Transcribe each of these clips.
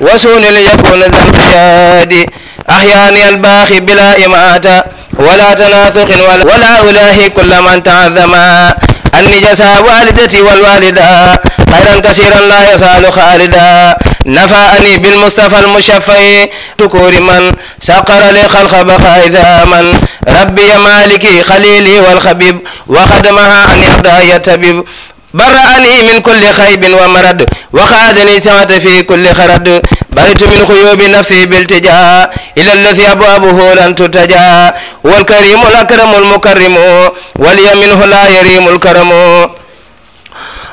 وسون يكون ذا القياد أحياني الباخي بلا إماتة ولا تناثق ولا, ولا ألاهي كل من تعذما أني جسى والدتي والوالدة خيرا كثيرا لا يزال خالدا نفعني بالمصطفى المشفع شكور من سقر لي خلق بقى إذا من ربي مالكي خليلي والخبيب وخدمها أن يهدى يتبيب برأني من كل خيب ومرد وخادني سعة في كل خرد بريت من خيوب نفسي بالتجاء إلى الذي أبوابه لن تتجاء والكريم الأكرم المكرم ولي منه لا يريم الكرم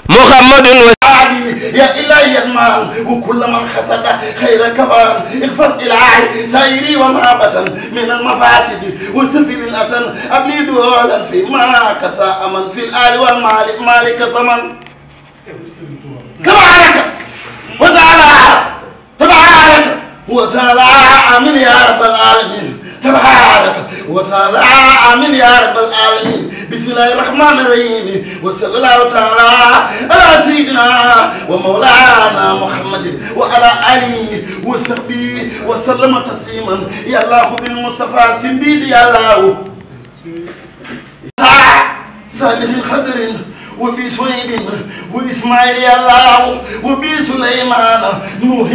محمد يا إلهي المال وكل من خسد خير كفان اخفض إلهي سيري ومعبة من المفاسد وسفل الأتن أبني دولا في ما كسا أمن في الآل والمال مالك سمن كما وتعالى تبعالك وتعالى من يا رب العالمين تبعالك وتعالى من يا رب العالمين بسم الله الرحمن الرحيم وصلى الله تعالى على سيدنا ومولانا محمد وعلى آله وصحبه وسلم تسليما يا الله بالمصطفى سنبيد يا الله صالح خضر وفي شعيب وإسماعيل الله وبي سليمان نوح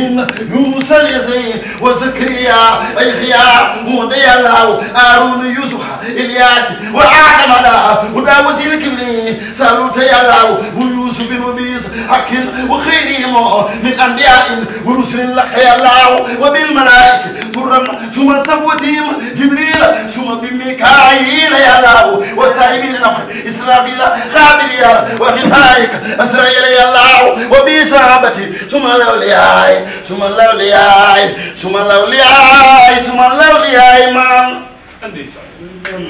يونس يزيد وزكريا يحيى ومدي الله هارون يوسف إلياس وآدم الله وداوود الكبري سالوت الله ويوسف وبيس حق وخيرهم من أنبياء ورسل لك يا الله وبالملائكة قرن ثم صفوتهم جبريل ثم بميكائيل يا الله وسائبين نفخ إسرافيل خابل يا وخفائك أسرائيل يا الله وبصحابتي ثم الأولياء ثم الأولياء ثم الأولياء ثم الأولياء إمام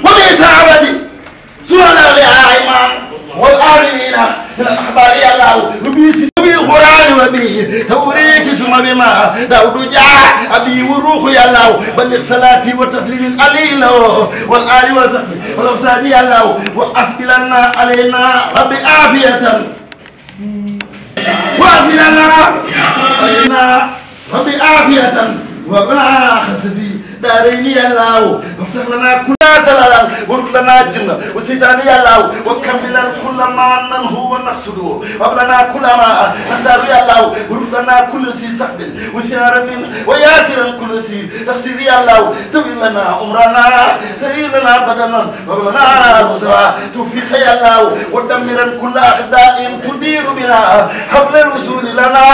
وبصحابتي ثم الأولياء إمام والآمنين من أخبار الله وبيس بالقرآن وبه توريت ثم بما داود جاء أبي وروح يا الله بلغ صلاتي وتسليم قليل والآل وصحبه والأفساد يا الله وأسئلنا علينا رب عافية وأسئلنا علينا رب عافية وما خسفي داريني الله وافتح لنا كل زلال وارك لنا جنة وسيداني يا الله وكمل كل ما من هو نقصده واب لنا كل ما أنت يا الله وارك لنا كل سي سحب وسيارة من وياسر كل سي تخسير يا الله تبين لنا عمرنا سير لنا بدنا واب لنا رزقا توفيق يا الله ودمرا كل أعداء تدير بنا حبل الوصول لنا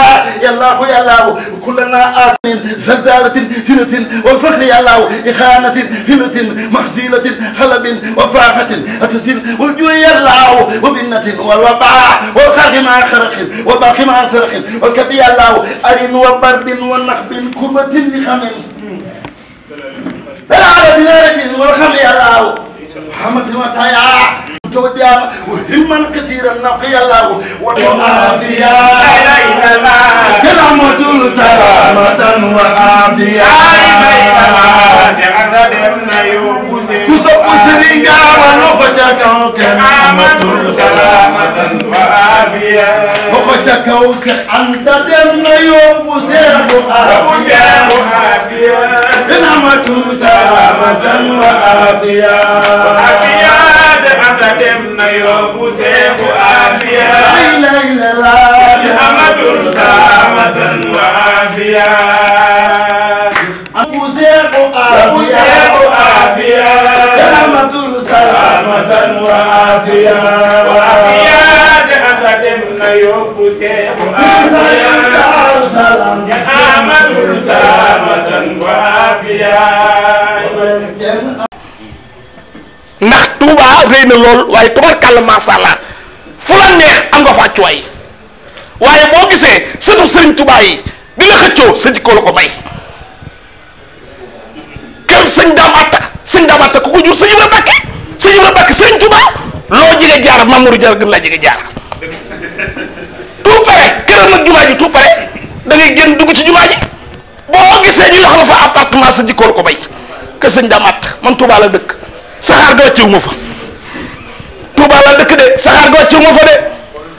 يا الله يا الله كلنا آسن زلزالة سنة والفخر يا الله إخانة هلة محزينة خلب وفاحة أتسل والجوية الله وبنة والوباء والخرق مع خرق والباقي مع سرق والكبي الله أرن وبرد ونخب كربة لخم بلا على دينارك والخم الله محمد المتايع جوديارا وهما كثيرا نقي الله وعافية بين الماء كلمة سلامة وعافية بين الماء سعد بن يوسف كسب سرينجا ونقجك كلمة سلامة وعافية نقجك وسعد بن يوسف وعافية كلمة سلامة وعافية dem na yóbbu seexu aafiya amatul saamatan wa aafiya yóbbu seexu aafiya amatul saamatan wa aafiya aka dem na yóbbu seexu aafiya amatul saamatan wa aafiya Touba rëy na lool waaye tubarkàlla macha allah fu la neex am nga fa accuwaay waaye boo gisee sëtu sëriñ Touba yi di la xëccoo sa jikko la ko bay kër sëñ Daam Atta sëñ Daam Atta ko jur sëñ Ibra Mbàkke sëñ Ibra Mbàkke loo jege jaar Mamour jaar gën laa jege jaar tout pare jumaa ji tout pare da ngay dugg ci jumaa ji boo gisee ñu la ko may sëñ Daam Atta man Touba la dëkk. saxaar ga wàccewu ma fa Touba la dëkk de saxaar ga wàccewu ma fa de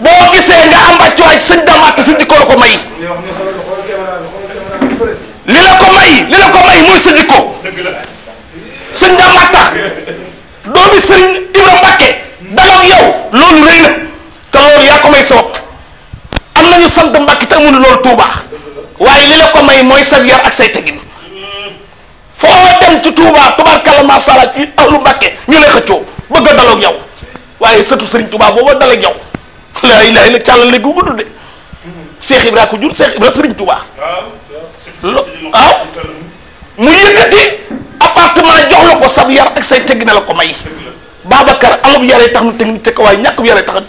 boo gisee nga am wàccuwaay sëñ Dame Atta sa jikko la ko may li la ko may li la sa jikko sëñ Dame Atta doomi sëriñ Ibra Mbàkke daloog yow loolu rëy na te loolu yaa ko may sabab am nañu sant Mbàkke te amuñu loolu Touba waaye li la ko may mooy sa yar ak say tegin foo dem ci Touba tabarakallah ma sala ci ahlu Mbacké ñu lay xëccu bëgg a ak yow waye seutu Serigne Touba booba dal ak yow la ilaha illa le gu gudd de Cheikh ibrahim ko jur Cheikh ibrahim Serigne Touba waaw mu yëkëti appartement jox lako sab yar ak say tegg ne la may babakar alab yaré tax nu tegg ni tek way ñak yaré tax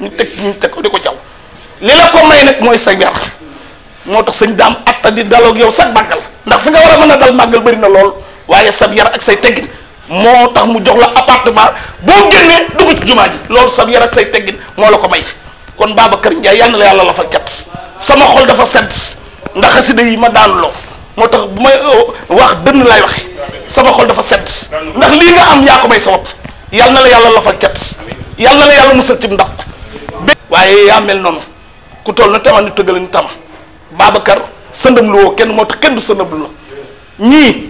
ñu tek ñu tek ko diko jaw li la ko may nak moy sa yar moo tax sëñ atta di dalok yow sax bagal ndax fi nga wara a dal magal bëri na lool waaye sab yar ak say teggin moo tax mu jox la appartement boo génnee dugg ci jumaa ji loolu sab yar ak say teggin moo la ko may kon Babacar Ndiaye yal na la yàlla la fa cat sama xol dafa sedd ndax xasida yi ma daan loo moo tax bu may oh, wax dënn lay waxe sama xol dafa sedd lii nga am yaa may sabab yal na la yàlla la fa cat yal na la yàlla musal ci ndab waaye yaa mel noonu ku toll na taman ni tëggal ni tam Babacar sëndam lu woo kenn moo tax kenn du sëndam lu ñii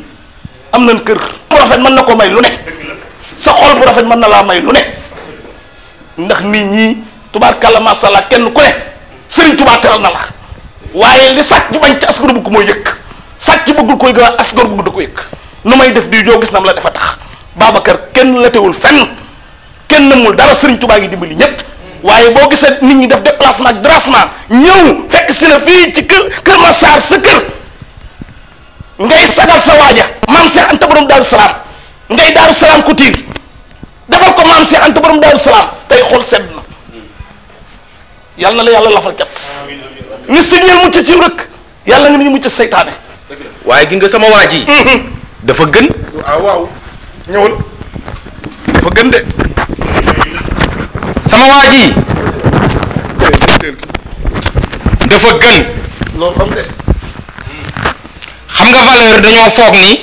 am nañ kër bu rafet mën na ko may lu ne sa xol bu rafet mën na laa may lu ne ndax nit ñi tubaarkàlla macha allah kenn ku ne sëriñ tubaa teral na la waaye li sàcc bañ ci asgor bu ko mooy yëkk sàcc bëggul koy gën a asgor bu da ko yëkk nu may def di joo gis nam la a tax Babacar kenn la teewul fenn kenn namul dara sëriñ tubaa ngi dimbali ñépp waaye boo gisee nit ñi def déplacement ak déplacement ñëw fekk si la fii ci kër kër Massar sa kër ngay sagal sa waja mam cheikh anta borom daru salam ngay daru salam ku tiir defal ko mam cheikh anta borom daru salam tay xol sedd na yalla na la yàlla lafal cat ni signeel mucc ci rëkk yàlla nga ni mucc seytaane waye gi nga sama waji mhm. dafa gën ah, waaw waaw ñewul dafa gën de sama waji dafa gën loolu am de xam nga valeur dañoo foog ni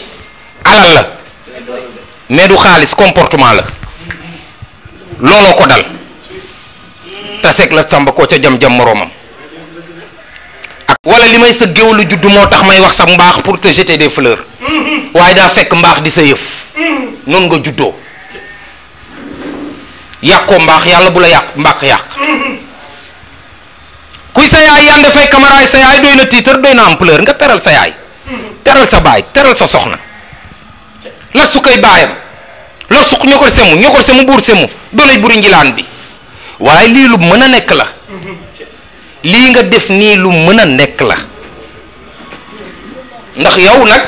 alal la mais du xaalis comportement la looloo ko dal taseeg la samba ko ca jam-jam moroomam ak wala li may sa géwlu judd moo tax may wax sa mbaax pour te jeter des fleurs waaye daa fekk mbaax di sa yëf noonu nga juddoo yàqoo mbaax yàlla bu la yàq mbàq yàq kuy sa yaay yande fay camara sa yaay doy titre doy ampleur nga teral sa yaay teral sa terus teral sa soxna la sukay baayam la suk ñokor semu ñokor semu bur semu dolay buri ngilaan bi waaye lii lu mën a nekk la lii nga def nii lu mën a la ndax yow nag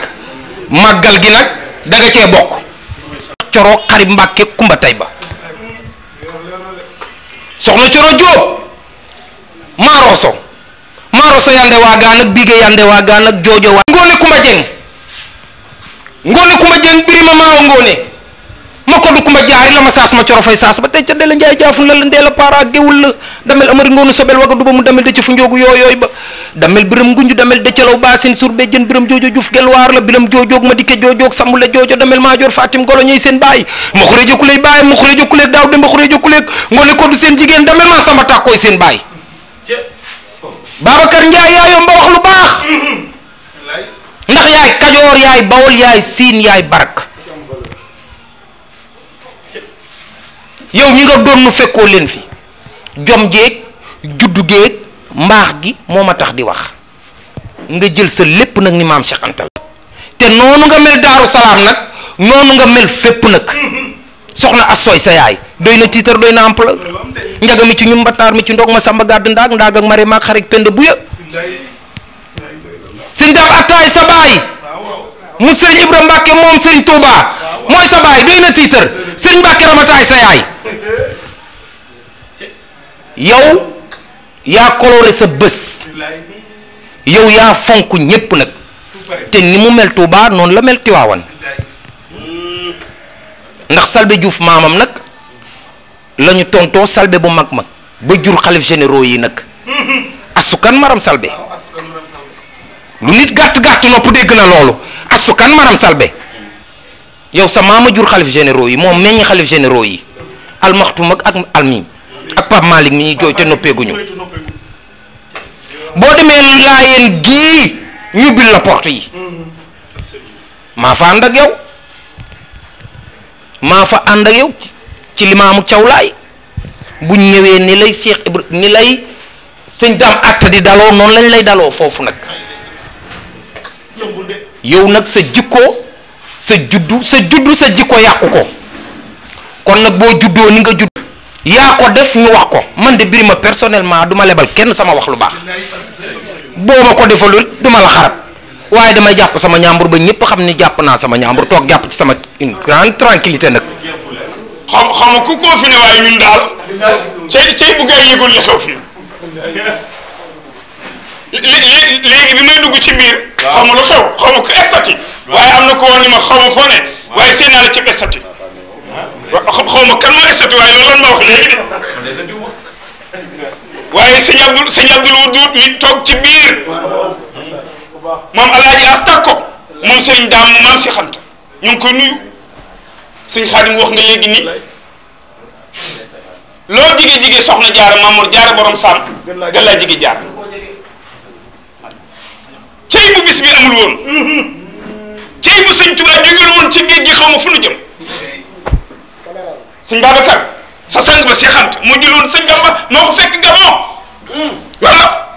màggal gi nag da nga coro xari mbàkke kumba tey soxna coro jóob maroso maroso yande waagaa nag bige yande waagaa nag jojo waa jeng ngoone kumba jeng birima maa ngoone ma ko du kumba jaari la ma saas ma coro fay saas ba tey ca dela njaay jaafun la la ndeela paara géwul la damel amari ngoonu sobel waga duba mu damel dëcc fu njoogu yooyooy ba damel biram ngunju damel dëccalaw baasin sur be jën biram joojo juuf gelwaar la bilam joojoog ma dikke joojoog sambule joojo damel maajoor fatim golo ñey seen baay ma xure jokkuleeg baay ma xure maa samba tàkkooy seen baay Babacar Njaay yaayom ba wax lu baax ndax yaay kajoor yaay bawol yaay siin yaay barak yow ñi nga doon nu fekkoo leen fi jom géeg juddu géeg mbaax gi moo ma tax di wax nga jël sa lépp nag ni maam Cheikh Anta la te noonu nga mel daaru salaam nag noonu nga mel fépp nag soxna assooy sa yaay doy na tiitar doy na ample njaga mi ci ñu mbataar mi ci ndox ma sàmba gàdd ndaag ndaag ak mare maag xarit pend bu ya sëñ daam sa baay mu sëñ Ibra Mbàkke moom sëñ Touba mooy sa baay doy na tiitar sëñ Mbàkke ramataay sa yaay yow yaa coloré sa bés yow yaa fonk ñépp nag te ni mu mel Touba noonu la mel Tiwaawan ndax Salbe Diouf maamam nag la ñu tontoo Salbe bu mag mag ba jur xalif généraux yi nag asukan maram Salbe lu nit gàtt gàtt nopp dégg na loolu asu kan maram salbe yow sa maama jur xalif généraux yi moom meññ xalif généraux yi almaxtum ak almim ak Pape Malick mi ñuy jooy te noppeeguñu boo demee laayeen gii ñu bil la porte yi maa fa ànd ak yow maa fa ànd ak yow ci limaamu cawlaay buñ ñëwee ni lay Cheikh Ibra ni lay sëñ daam atta di daloo noonu lañ lay daloo foofu nag yow nag sa jikko sa juddu sa juddu sa jikko yàqu ko kon nag boo juddoo ni nga judd yaa ko def ñu wax ko man de Birima personnellement duma lebal kenn sama wax lu baax boo ma ko defalul duma la xarab waaye damay jàpp sama ñaambur ba ñëpp xam ni jàpp naa sama ñaambur toog jàpp ci sama une grande tranquillité nag xam xam ku ko fi ne waaye ñun daal cay cay bu gaa yëgul li fii léegi bi may dugg ci biir. xaw ma lu xew xaw ma ko estati. waaye am na ko woon ni ma xaw ma foo ne. waaye seen naa la ci estati. xaw ma kan waaye loolu ma wax léegi de. waaye sëñ Abdul sëñ Abdul Waduud mi toog ci biir. moom alaaji astak ko moom sëriñ daam mu maam si xanta ñu ko koy nuyu sëñ Xaadim wax nga léegi nii loo jige jige soxna jaara Mamour jaara borom saam gën laa jige jaar bis bi amul woon cey bu sëñ Tuubaa jógeen woon ci géej gi xaw ma fu nu jëm sëñ Babacar sa sang ba Cheikh Anta moo jël woon sëñ Gamba moo ko fekk gamoo voilà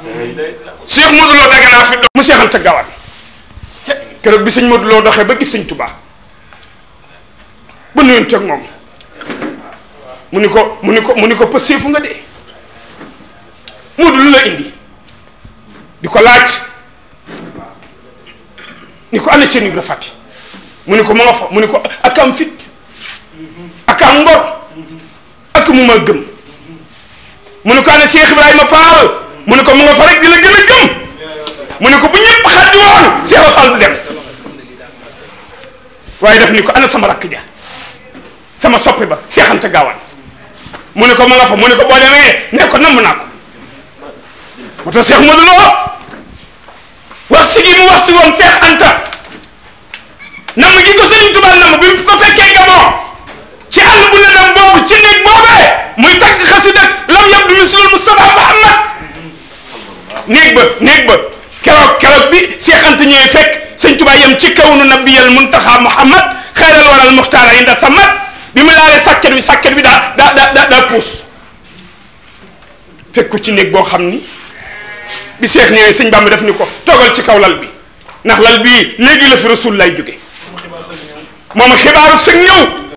Cheikh Modou Lo daganaa fi dox mu Cheikh Anta Gawane bi sëñ Modou Lo doxee ba gis sëñ Tuubaa ba nuyoon teg moom mu ni ko mu ko mu ko pëseefu nga de Modou lu la indi di laaj ni ko ana Cheikh Ibra Fati mu ni ko ma nga mu ni ko ak am fit ak am ngor ak mu ma gëm mu ni ko ana Cheikh Ibrahima Fall mu ni ko mu nga fa rek di la gën a gëm mu ni ko bu ñëpp xaddi woon Cheikh Ibra Fall du dem waaye daf ni ko ana sama rakk ja sama soppi ba Cheikh Anta Gaawaan mu ni ko ma nga mu ni ko boo demee ne ko namm naa ko moo tax Cheikh Modou Lo si gi mu wax si woon Seex Anta nam gi ko Sëriñ Tuubaa nam bi mu ko fekkee Gabon ci àll bu ne dem boobu ci néeg boobee muy tàgg xasida lam yab bi mislul Mustafa Muhammad néeg ba néeg ba keroog keroog bi Seex Anta ñëwee fekk Sëriñ Tuubaa yam ci kaw nu nabiyal Muntaxa Muhammad xeeral a muxtaara inda samat bi mu laalee sàkket wi sàkket wi daa daa daa daa puus fekk ko ci néeg boo xam ni bi seex ñëwee sëñ Bàmba def ni ko toog al ci kaw lal bi ndax lal bii léegi la fi rasul lay jóge moom xibaaru sëñ ñëw